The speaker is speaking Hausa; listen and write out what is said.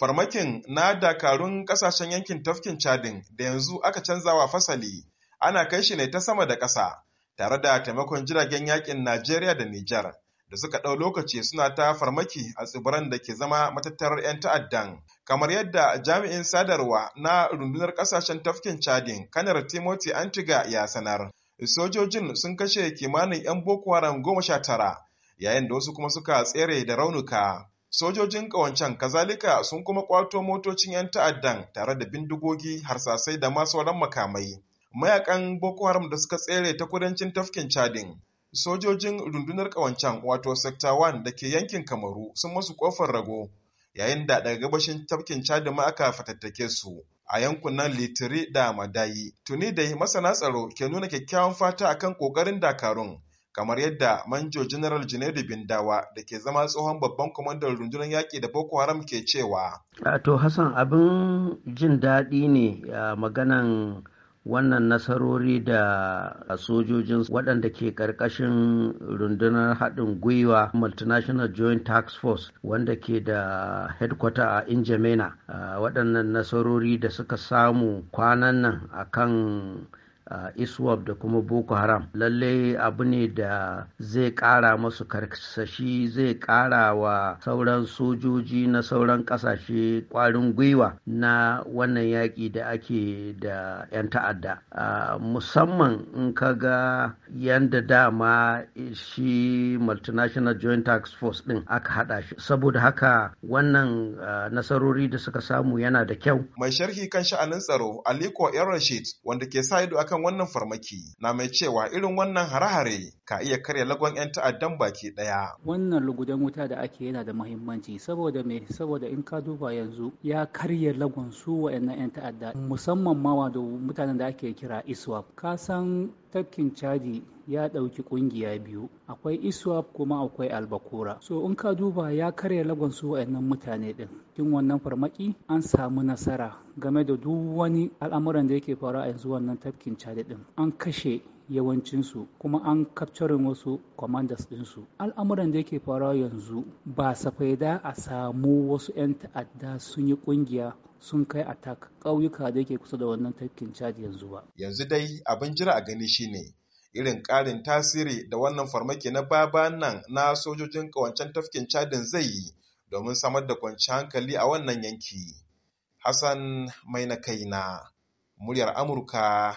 Farmakin na dakarun ƙasashen yankin tafkin Chadin da yanzu aka canza wa fasali ana kai shi ne ta sama da ƙasa tare da taimakon jiragen yakin Najeriya da Nijar da suka ɗau lokaci suna ta farmaki a tsibiran da ke zama matattarar 'yan ta'addan. Kamar yadda jami'in sadarwa na rundunar ƙasashen tafkin Chadin kanar Timothy Antiga ya sanar. Sojojin sun kashe kimanin 'yan Boko Haram goma sha tara yayin da wasu kuma suka tsere da raunuka. Sojojin ƙawancen kazalika sun kuma ƙwato motocin 'yan ta'addan tare da bindigogi, harsasai da ma sauran makamai. Mayakan Boko Haram da suka tsere ta kudancin tafkin Chadin. Sojojin rundunar ƙawancen wato Sector 1 da ke yankin Kamaru sun masu ƙofar rago yayin da daga gabashin tafkin Chadin ma aka fatattake su. a yankunan litiri da madayi tuni da masana tsaro ke nuna kyakkyawan fata akan ƙoƙarin dakarun kamar yadda manjo general junaidu bindawa da ke zama tsohon babban kwamandan rundunar yaƙi da boko haram ke cewa to hassan abin jin daɗi ne maganan wannan nasarori da sojojin waɗanda ke ƙarƙashin rundunar haɗin gwiwa multinational joint tax force wanda ke da headquarter a injamena waɗannan nasarori da suka samu kwanan nan akan iswab da kuma boko haram lalle abu ne da zai kara masu karkashi zai kara wa sauran sojoji na sauran kasashe kwarin gwiwa na wannan yaƙi da ake da 'yan ta'adda musamman in ka ga yadda dama shi multinational joint tax force din aka hada shi saboda haka wannan nasarori da suka samu yana da kyau mai sharhi kan sha'anin tsaro aliko yan rashid wanda ke sa ido akan wannan farmaki na mai cewa irin wannan hare-hare ka iya karya lagon 'yan ta'addan baki daya. Wannan lugudan wuta da ake yana da mahimmanci, saboda me saboda in ka duba yanzu ya karya lagon su wa'annan 'yan ta'adda musamman ma da mutanen da ake kira ISWAP. Ka san tafkin Chadi ya ɗauki ƙungiya biyu akwai iswap kuma akwai albakura so in ka duba ya karya lagon su wa'annan mutane din kin wannan farmaki an samu nasara game da duk wani al'amuran da yake faruwa a yanzu wannan tafkin Chadi ɗin an kashe yawancinsu kuma an capturing wasu commanders ɗinsu al'amuran da yake faruwa yanzu ba safaida a samu wasu 'yan ta'adda sun yi ƙungiya sun kai attack ƙauyuka da yake kusa da wannan tafkin chad yanzu ba yanzu dai abin jira a gani shine irin ƙarin tasiri da wannan farmaki na baba nan na sojojin ƙawancen tafkin chadin zai yi domin samar da kwanciyar hankali a wannan yanki. Hassan mai na kaina, muryar Amurka